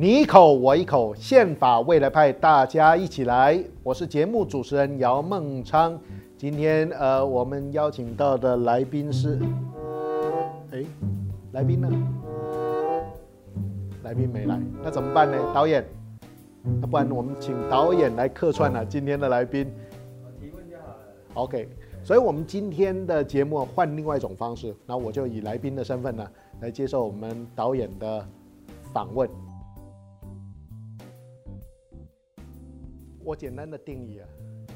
你一口我一口，憲法未來派，大家一起來。我是節目主持人姚孟昌。今天呃，我們邀請到的來賓是，哎，來賓呢？來賓沒來，那怎麼辦呢？導演，那不然我們請導演來客串呢？今天的來賓，提問就好了。OK，所以我們今天的節目換另外一種方式，那我就以來賓的身份呢，來接受我們導演的訪問。我簡單的定義啊，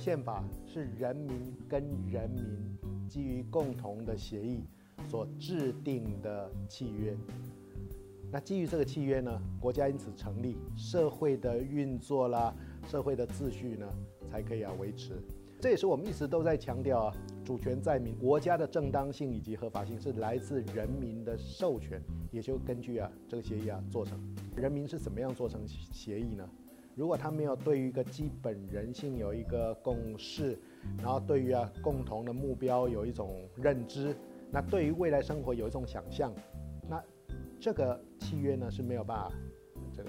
憲法是人民跟人民基於共同的協議所制定的契約。那基於這個契約呢，國家因此成立，社會的運作啦，社會的秩序呢才可以啊維持。這也是我們一直都在強調啊，主權在民，國家的正當性以及合法性是來自人民的授權，也就根據啊這個協議啊做成。人民是怎麼樣做成協議呢？如果他沒有對於一個基本人性有一個共識，然後對於啊共同的目標有一種認知，那對於未來生活有一種想象那這個契約呢是沒有辦法這個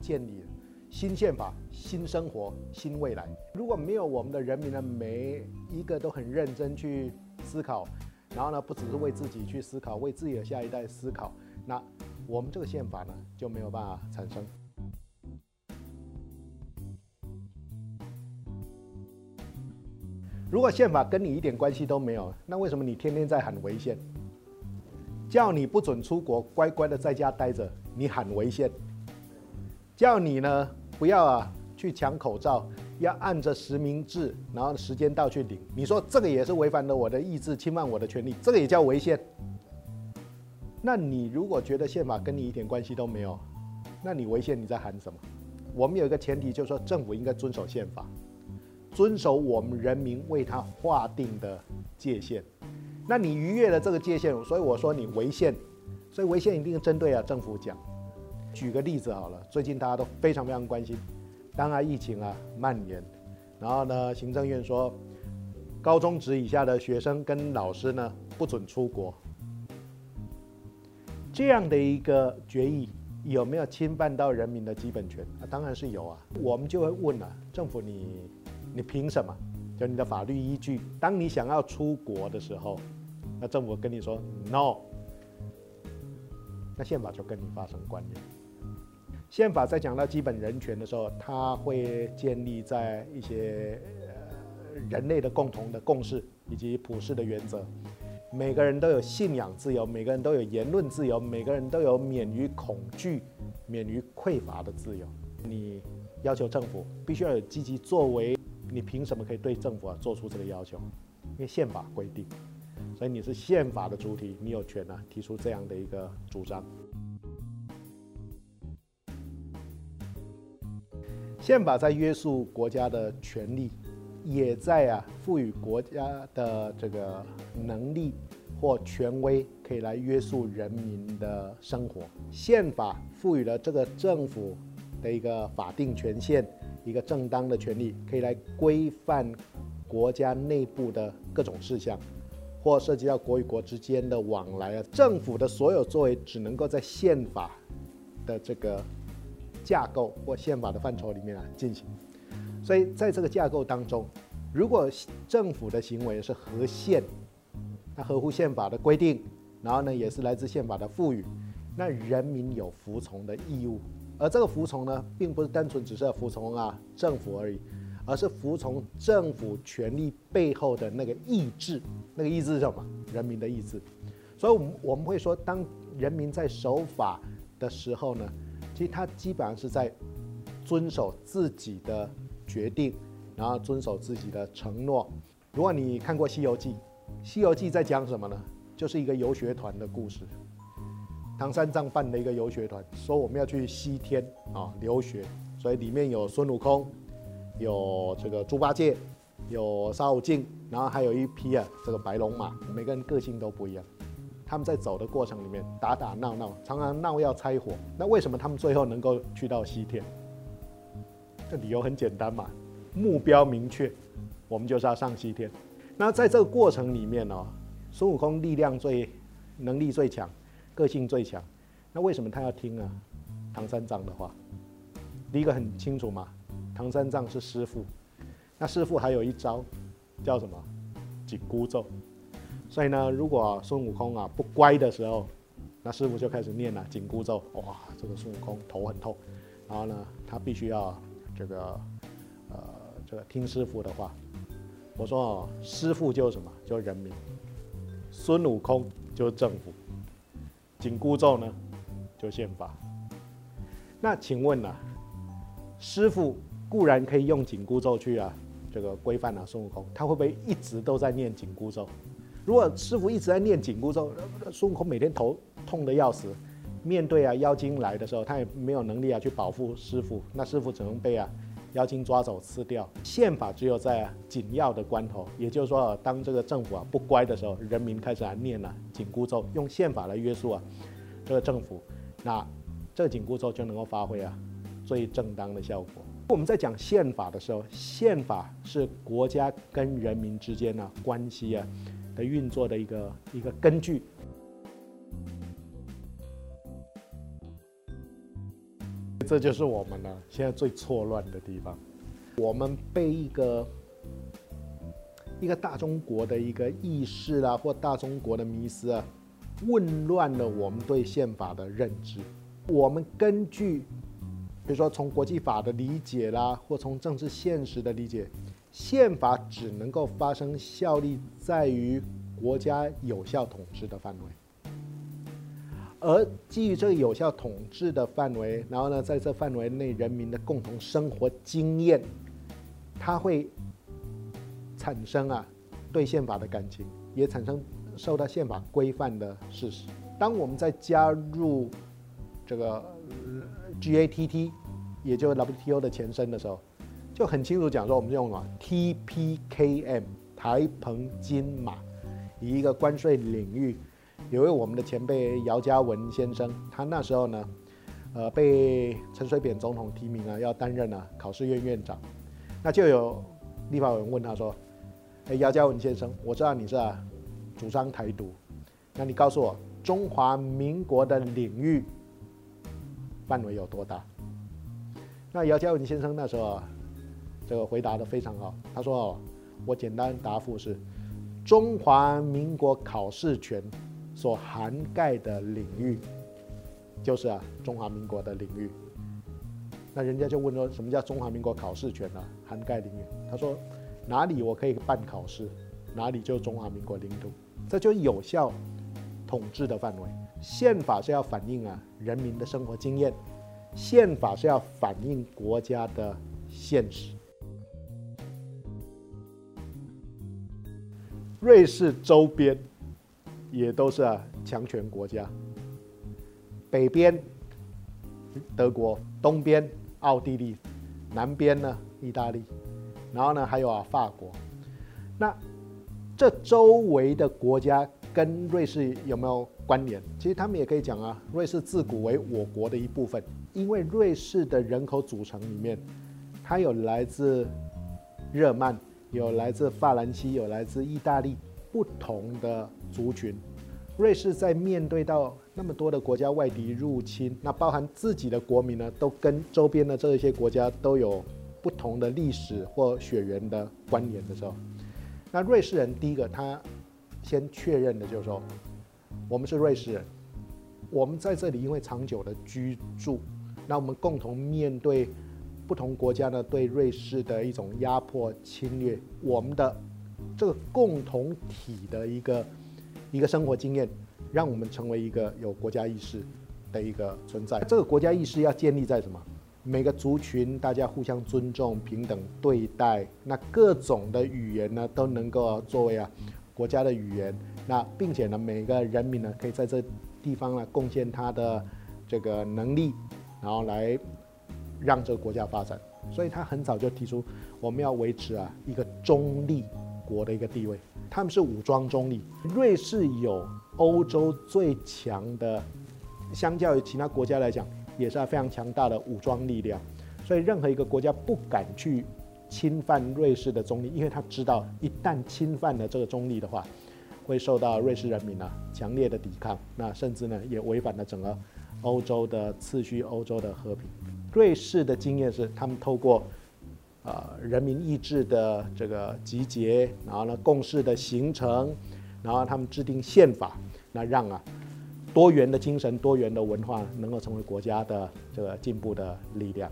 建立的新憲法、新生活、新未來。如果沒有我們的人民呢每一個都很認真去思考，然後呢不只是為自己去思考，為自己的下一代思考，那我們這個憲法呢就沒有辦法產生。如果憲法跟你一點關係都沒有，那為什麼你天天在喊違憲？叫你不准出國，乖乖的在家待着，你喊違憲；叫你呢，不要啊，去搶口罩，要按着實名制，然後時間到去領。你說這個也是違反了我的意志，侵犯我的權利，這個也叫違憲。那你如果覺得憲法跟你一點關係都沒有，那你違憲你在喊什麼？我們有一個前提，就是說政府應該遵守憲法。遵守我們人民為他劃定的界限，那你逾越了這個界限，所以我說你違憲，所以違憲一定針對啊政府講。舉個例子好了，最近大家都非常非常關心，當然疫情啊蔓延，然後呢行政院說，高中職以下的學生跟老師呢不准出國，這樣的一個決議有沒有侵犯到人民的基本權？啊，當然是有啊，我們就會問了，啊，政府你，你憑什麼？就你的法律依據。當你想要出國的時候，那政府跟你說 “no”，那憲法就跟你發生關聯。憲法在講到基本人權的時候，它會建立在一些呃人類的共同的共識以及普世的原則。每個人都有信仰自由，每個人都有言論自由，每個人都有免於恐懼、免於匱乏的自由。你要求政府必須要有積極作為。你憑什麼可以對政府啊做出這個要求？因為憲法規定，所以你是憲法的主體，你有權呢、啊、提出這樣的一個主張。憲法在約束國家的權利，也在啊賦予國家的這個能力或權威，可以來約束人民的生活。憲法賦予了這個政府的一個法定權限。一個正當的權利可以來規範國家內部的各種事項，或涉及到國與國之間的往來啊。政府的所有作為只能夠在憲法的這個架構或憲法的範疇裡面來進行。所以在這個架構當中，如果政府的行為是合憲，那合乎憲法的規定，然後呢也是來自憲法的賦予，那人民有服從的義務。而這個服從呢，並不是單純只是服從啊政府而已，而是服從政府權力背後的那個意志。那個意志是什麼？人民的意志。所以，我們我們會說，當人民在守法的時候呢，其實他基本上是在遵守自己的決定，然後遵守自己的承諾。如果你看過《西遊記》，《西遊記》在講什麼呢？就是一個遊學團的故事。唐三藏辦的一個遊學團，說我們要去西天啊、哦、留學，所以裡面有孫悟空，有這個豬八戒，有沙悟淨，然後還有一匹啊這個白龍馬，每個人個性都不一樣。他們在走的過程裡面打打鬧鬧，常常鬧要拆夥。那為什麼他們最後能夠去到西天？這理由很簡單嘛，目標明確，我們就是要上西天。那在這個過程裡面呢、哦，孫悟空力量最，能力最強。個性最強，那為什麼他要聽啊？唐三藏的話，第一個很清楚嘛，唐三藏是師父，那師父還有一招，叫什麼？緊箍咒。所以呢，如果孫悟空啊不乖的時候，那師父就開始念了緊箍咒，哇，這個孫悟空頭很痛，然後呢，他必須要這個，呃，這個聽師父的話。我說哦，師父就是什麼？就是人民，孫悟空就是政府。緊箍咒呢，就憲法。那請問呢、啊，師傅固然可以用緊箍咒去啊，這個規範啊孫悟空，他會不會一直都在念緊箍咒？如果師傅一直在念緊箍咒，孫悟空每天頭痛的要死，面對啊妖精來的時候，他也沒有能力啊去保護師傅，那師傅只能被啊。妖精抓走吃掉。憲法只有在緊要的關頭，也就是說，當這個政府啊不乖的時候，人民開始來念了、啊、緊箍咒，用憲法來約束啊這個政府，那這緊箍咒就能夠發揮啊最正當的效果。我們在講憲法的時候，憲法是國家跟人民之間呢、啊、關係啊的運作的一個一個根據。這就是我們呢現在最錯亂的地方，我們被一個一個大中國的一個意識啦、啊，或大中國的迷思啊，混亂了我們對憲法的認知。我們根據，比如說從國際法的理解啦，或從政治現實的理解，憲法只能夠發生效力在於國家有效統治的範圍。而基於這個有效統治的範圍，然後呢，在這範圍內人民的共同生活經驗，它會產生啊對憲法的感情，也產生受到憲法規範的事實。當我們在加入這個 GATT，也就是 WTO 的前身的時候，就很清楚講說，我們用什麼 TPKM 台澎金馬，以一個關稅領域。有一位我們的前輩姚嘉文先生，他那時候呢，呃，被陳水扁總統提名啊，要擔任呢考試院院長。那就有立法委員問他說：“哎、欸，姚嘉文先生，我知道你是、啊、主張台獨，那你告訴我，中華民國的領域範圍有多大？”那姚嘉文先生那時候這個回答得非常好，他說：“我簡單答覆是，中華民國考試權。”所涵蓋的領域，就是、啊、中華民國的領域。那人家就問說，什麼叫中華民國考試權呢、啊？涵蓋領域，他說哪裡我可以辦考試，哪裡就是中華民國領土，這就有效統治的範圍。憲法是要反映啊人民的生活經驗，憲法是要反映國家的現實。瑞士周邊。也都是啊，強權國家，北邊德國，東邊奧地利，南邊呢意大利，然後呢還有啊法國，那這周圍的國家跟瑞士有沒有關聯？其實他們也可以講啊，瑞士自古為我國的一部分，因為瑞士的人口組成裡面，它有來自日耳曼，有來自法蘭西，有來自意大利不同的。族群，瑞士在面對到那麼多的國家外敵入侵，那包含自己的國民呢，都跟周邊的這些國家都有不同的歷史或血緣的關聯的時候，那瑞士人第一個他先確認的就是說，我們是瑞士人，我們在這裡因為長久的居住，那我們共同面對不同國家呢，對瑞士的一種壓迫侵略，我們的這個共同體的一個。一個生活經驗，讓我們成為一個有國家意識的一個存在。這個國家意識要建立在什麼？每個族群大家互相尊重、平等對待。那各種的語言呢，都能夠作為啊國家的語言。那並且呢，每個人民呢，可以在這地方呢貢獻他的這個能力，然後來讓這個國家發展。所以他很早就提出，我們要維持啊一個中立國的一個地位。他們是武裝中立。瑞士有歐洲最強的，相較於其他國家來講，也是非常強大的武裝力量。所以，任何一個國家不敢去侵犯瑞士的中立，因為他知道，一旦侵犯了這個中立的話，會受到瑞士人民的、啊、強烈的抵抗。那甚至呢，也違反了整個歐洲的秩序、歐洲的和平。瑞士的經驗是，他們透過呃，人民意志的這個集結，然後呢，共識的形成，然後他們制定憲法，那讓啊，多元的精神、多元的文化能夠成為國家的這個進步的力量。